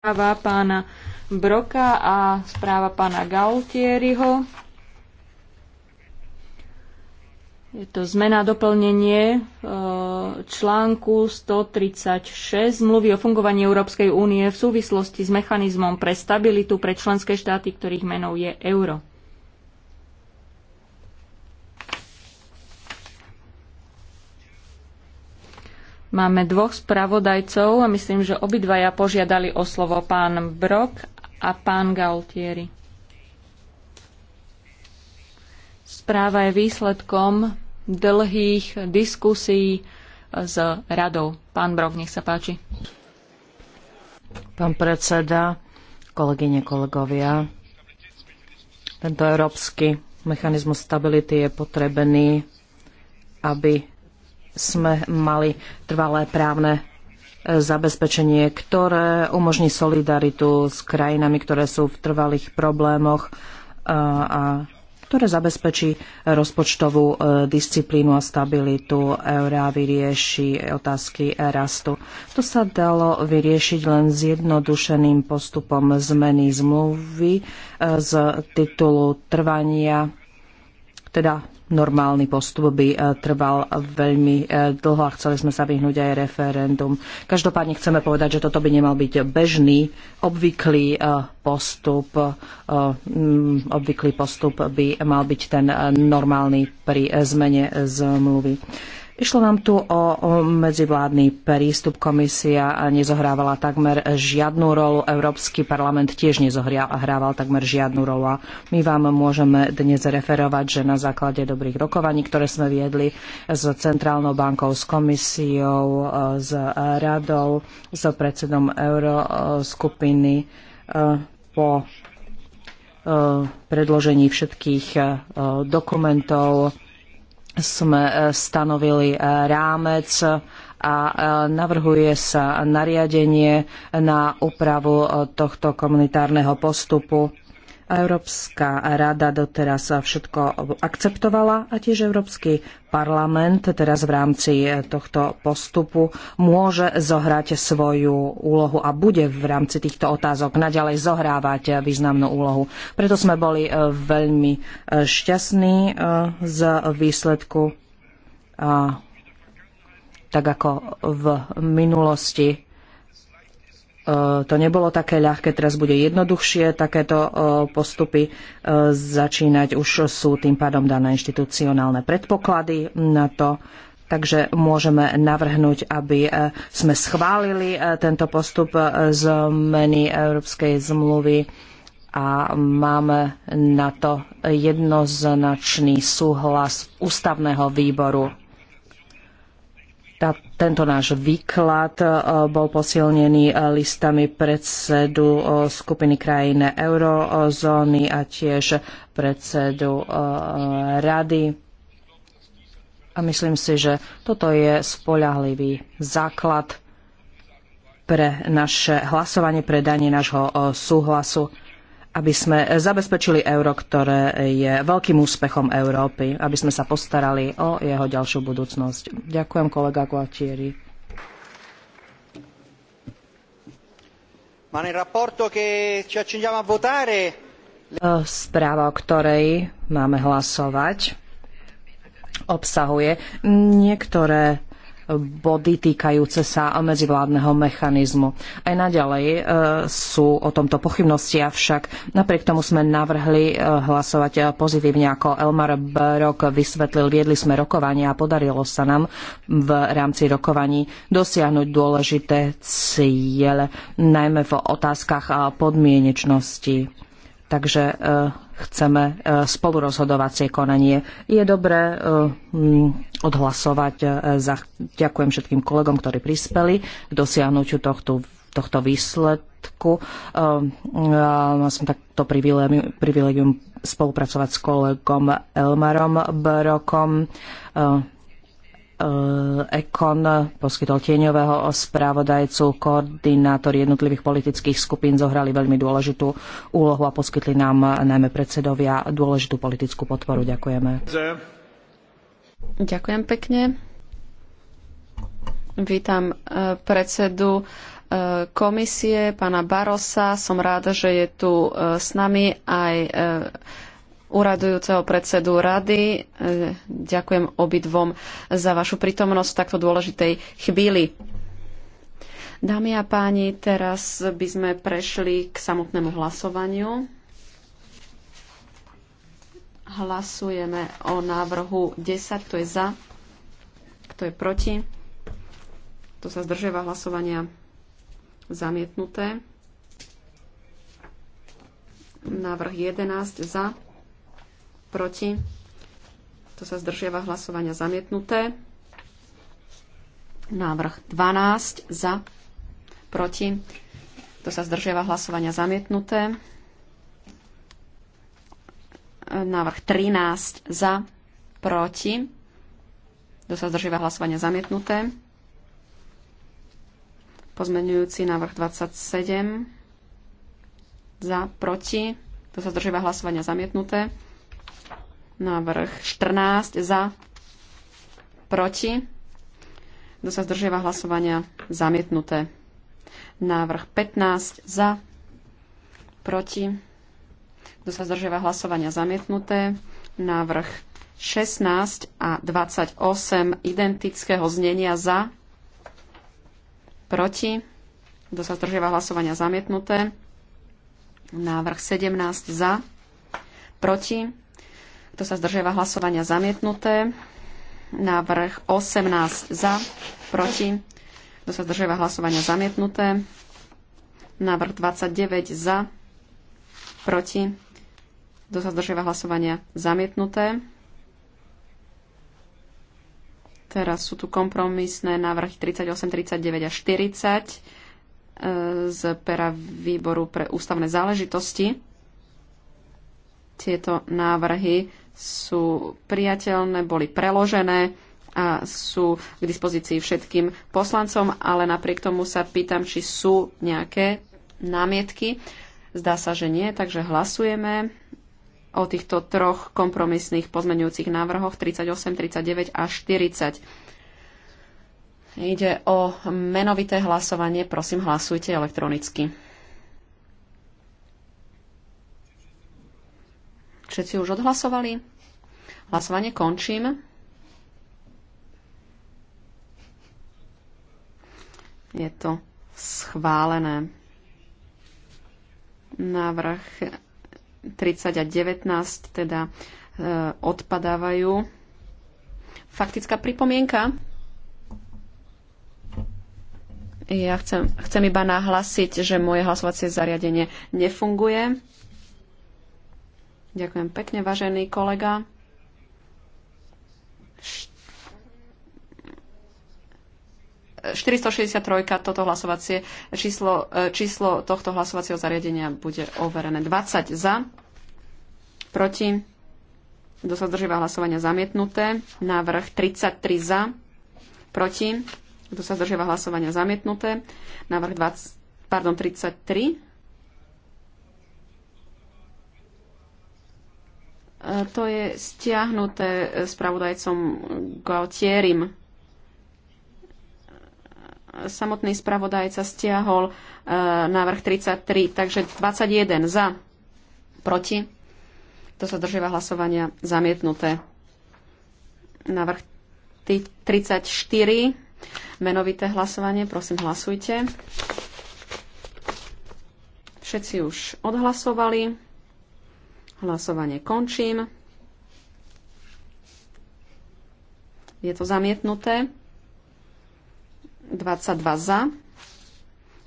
správa pána Broka a správa pána Gautieriho. Je to zmena doplnenie e, článku 136 zmluvy o fungovaní Európskej únie v súvislosti s mechanizmom pre stabilitu pre členské štáty, ktorých menou je euro. Máme dvoch spravodajcov a myslím, že obidvaja požiadali o slovo pán Brok a pán Gaultieri. Správa je výsledkom dlhých diskusí s radou. Pán Brok, nech sa páči. Pán predseda, kolegyne, kolegovia, tento európsky mechanizmus stability je potrebený, aby sme mali trvalé právne e, zabezpečenie, ktoré umožní solidaritu s krajinami, ktoré sú v trvalých problémoch e, a ktoré zabezpečí rozpočtovú e, disciplínu a stabilitu eurá, vyrieši otázky rastu. To sa dalo vyriešiť len zjednodušeným postupom zmeny zmluvy z titulu trvania teda normálny postup by e, trval veľmi e, dlho a chceli sme sa vyhnúť aj referendum. Každopádne chceme povedať, že toto by nemal byť bežný, obvyklý e, postup. Mm, obvyklý postup by mal byť ten normálny pri zmene zmluvy. Išlo nám tu o medzivládny prístup. Komisia nezohrávala takmer žiadnu rolu. Európsky parlament tiež nezohrával takmer žiadnu rolu. A my vám môžeme dnes referovať, že na základe dobrých rokovaní, ktoré sme viedli s Centrálnou bankou, s komisiou, e, s radou, s predsedom euroskupiny e, po e, predložení všetkých dokumentov sme e, stanovili e, rámec a e, navrhuje sa nariadenie na úpravu tohto komunitárneho postupu Európska rada doteraz všetko akceptovala a tiež Európsky parlament teraz v rámci e, tohto postupu môže zohrať svoju úlohu a bude v rámci týchto otázok naďalej zohrávať významnú úlohu. Preto sme boli e, veľmi e, šťastní z výsledku tak ako v minulosti Eh, to nebolo také ľahké, teraz bude jednoduchšie takéto eh, postupy eh, začínať. Už sú tým pádom dané inštitucionálne predpoklady na to, Takže môžeme navrhnúť, aby sme schválili tento postup zmeny Európskej zmluvy a máme na to jednoznačný súhlas ústavného výboru tá, tento náš výklad e, bol posilnený e, listami predsedu e, skupiny krajín eurozóny a tiež predsedu rady. A myslím si, že toto je spoľahlivý základ pre naše hlasovanie, pre danie nášho súhlasu aby sme zabezpečili euro, ktoré je veľkým úspechom Európy, aby sme sa postarali o jeho ďalšiu budúcnosť. Ďakujem kolega Gualtieri. Eh, správa, o ktorej máme hlasovať, obsahuje niektoré body týkajúce sa medzivládneho mechanizmu. Aj naďalej e, sú o tomto pochybnosti, avšak napriek tomu sme navrhli e, hlasovať pozitívne, ako Elmar Brok vysvetlil, viedli sme rokovania a podarilo sa nám v rámci rokovaní dosiahnuť dôležité ciele, najmä v otázkach podmienečnosti. Takže e, chceme e, spolurozhodovacie konanie. Je dobré e, odhlasovať e, za... Ďakujem všetkým kolegom, ktorí prispeli k dosiahnutiu tohto tohto výsledku. Mal som takto privilegium spolupracovať s kolegom Elmarom Brokom. E, Ekon poskytol tieňového správodajcu, koordinátori jednotlivých politických skupín zohrali veľmi dôležitú úlohu a poskytli nám najmä predsedovia dôležitú politickú podporu. Ďakujeme. Ďakujem pekne. Vítam e, predsedu e, komisie, pána Barosa. Som ráda, že je tu s nami aj úradujúceho predsedu rady. E, ďakujem obidvom za vašu prítomnosť v takto dôležitej chvíli. Dámy a páni, teraz by sme prešli k samotnému hlasovaniu. Hlasujeme o návrhu 10, kto je za, kto je proti. To sa zdržiava hlasovania zamietnuté. Návrh 11 za, proti, to sa zdržiava hlasovania zamietnuté. Návrh 12 za, proti, to sa zdržiava hlasovania zamietnuté. Návrh 13 za, proti, to sa zdržiava hlasovania zamietnuté. Pozmenujúci návrh 27 za, proti, to sa zdržiava hlasovania zamietnuté. Návrh 14 za, proti. Kto sa zdržiava hlasovania? Zamietnuté. Návrh 15 za, proti. Kto sa zdržiava hlasovania? Zamietnuté. Návrh 16 a 28 identického znenia za, proti. Kto sa zdržiava hlasovania? Zamietnuté. Návrh 17 za, proti. Kto sa zdržiava hlasovania zamietnuté? Návrh 18 za, proti. Kto sa zdržiava hlasovania zamietnuté? Návrh 29 za, proti. Kto sa zdržiava hlasovania zamietnuté? Teraz sú tu kompromisné návrhy 38, 39 a 40 e, z pera výboru pre ústavné záležitosti. Tieto návrhy sú priateľné, boli preložené a sú k dispozícii všetkým poslancom, ale napriek tomu sa pýtam, či sú nejaké námietky. Zdá sa, že nie, takže hlasujeme o týchto troch kompromisných pozmeňujúcich návrhoch 38, 39 a 40. Ide o menovité hlasovanie. Prosím, hlasujte elektronicky. Všetci už odhlasovali? Hlasovanie končím. Je to schválené. Návrh 30 a 19 teda e, odpadávajú. Faktická pripomienka. Ja chcem, chcem iba nahlásiť, že moje hlasovacie zariadenie nefunguje. Ďakujem pekne, vážený kolega. Št 463, toto hlasovacie číslo, e, číslo tohto hlasovacieho zariadenia bude overené 20 za, proti, kto sa zdržíva hlasovania zamietnuté, návrh 33 za, proti, kto sa zdržíva hlasovania zamietnuté, návrh 20, pardon, 33 To je stiahnuté spravodajcom gautierim. Samotný spravodajca stiahol e, návrh 33, takže 21 za, proti. To sa držíva hlasovania zamietnuté. Návrh 34, menovité hlasovanie, prosím hlasujte. Všetci už odhlasovali. Hlasovanie končím. Je to zamietnuté. 22 za,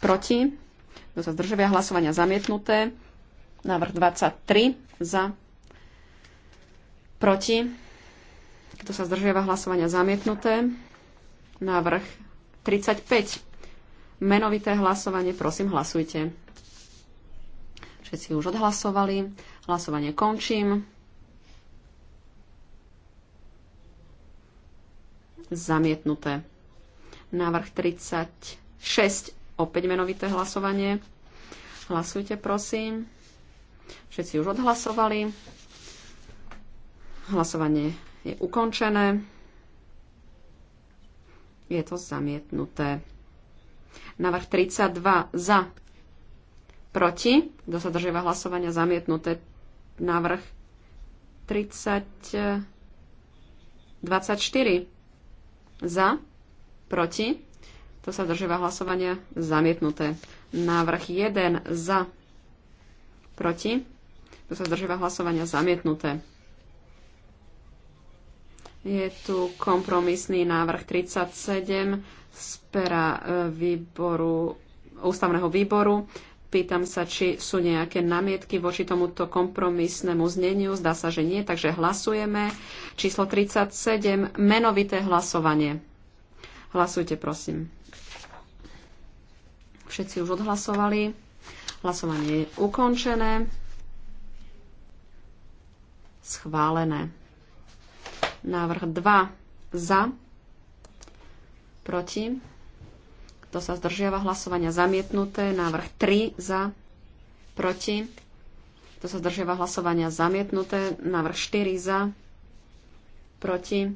proti. Kto sa zdržia? hlasovania zamietnuté. Návrh 23 za, proti. Kto sa zdržiava hlasovania zamietnuté. Návrh 35. Menovité hlasovanie, prosím, hlasujte. Všetci už odhlasovali. Hlasovanie končím. Zamietnuté. Návrh 36. Opäť menovité hlasovanie. Hlasujte, prosím. Všetci už odhlasovali. Hlasovanie je ukončené. Je to zamietnuté. Návrh 32 za. Proti. Kto sa držiava hlasovania zamietnuté? návrh 30, 24 za, proti, to sa zdržíva hlasovania, zamietnuté. Návrh 1 za, proti, to sa zdržíva hlasovania, zamietnuté. Je tu kompromisný návrh 37 z pera e, výboru, ústavného výboru Pýtam sa, či sú nejaké namietky voči tomuto kompromisnému zneniu. Zdá sa, že nie, takže hlasujeme. Číslo 37, menovité hlasovanie. Hlasujte, prosím. Všetci už odhlasovali. Hlasovanie je ukončené. Schválené. Návrh 2 za. Proti kto sa zdržiava hlasovania? Zamietnuté. Návrh 3 za. Proti. Kto sa zdržiava hlasovania? Zamietnuté. Návrh 4 za. Proti.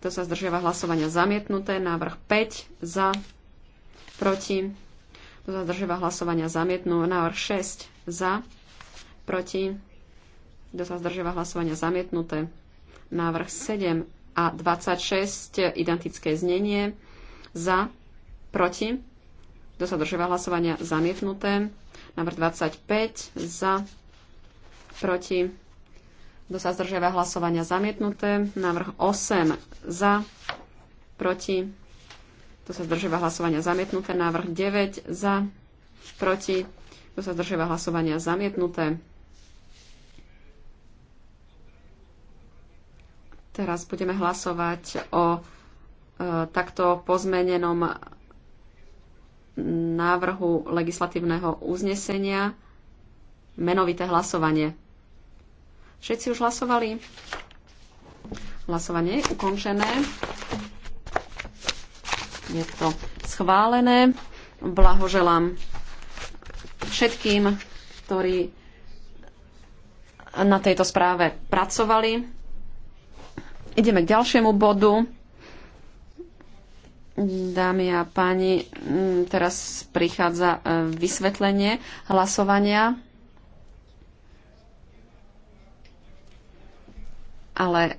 Kto sa zdržiava hlasovania? Zamietnuté. Návrh 5 za. Proti. Kto sa zdržiava hlasovania? Zamietnuté. Návrh 6 za. Proti. Kto sa zdržiava hlasovania? Zamietnuté. Návrh 7 a 26 identické znenie za, proti, kto sa držíva hlasovania, zamietnuté. Návrh 25 za, proti, kto sa zdržiava hlasovania, zamietnuté. Návrh 8 za, proti, kto sa zdržiava hlasovania, zamietnuté. Návrh 9 za, proti, kto sa zdržiava hlasovania, zamietnuté. Teraz budeme hlasovať o e, takto pozmenenom návrhu legislatívneho uznesenia menovité hlasovanie. Všetci už hlasovali? Hlasovanie je ukončené. Je to schválené. Blahoželám všetkým, ktorí na tejto správe pracovali. Ideme k ďalšiemu bodu. Dámy a páni, mm, teraz prichádza e, vysvetlenie hlasovania. Ale e,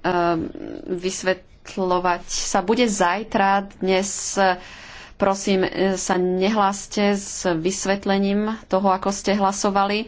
vysvetľovať sa bude zajtra. Dnes e, prosím sa nehláste s vysvetlením toho, ako ste hlasovali.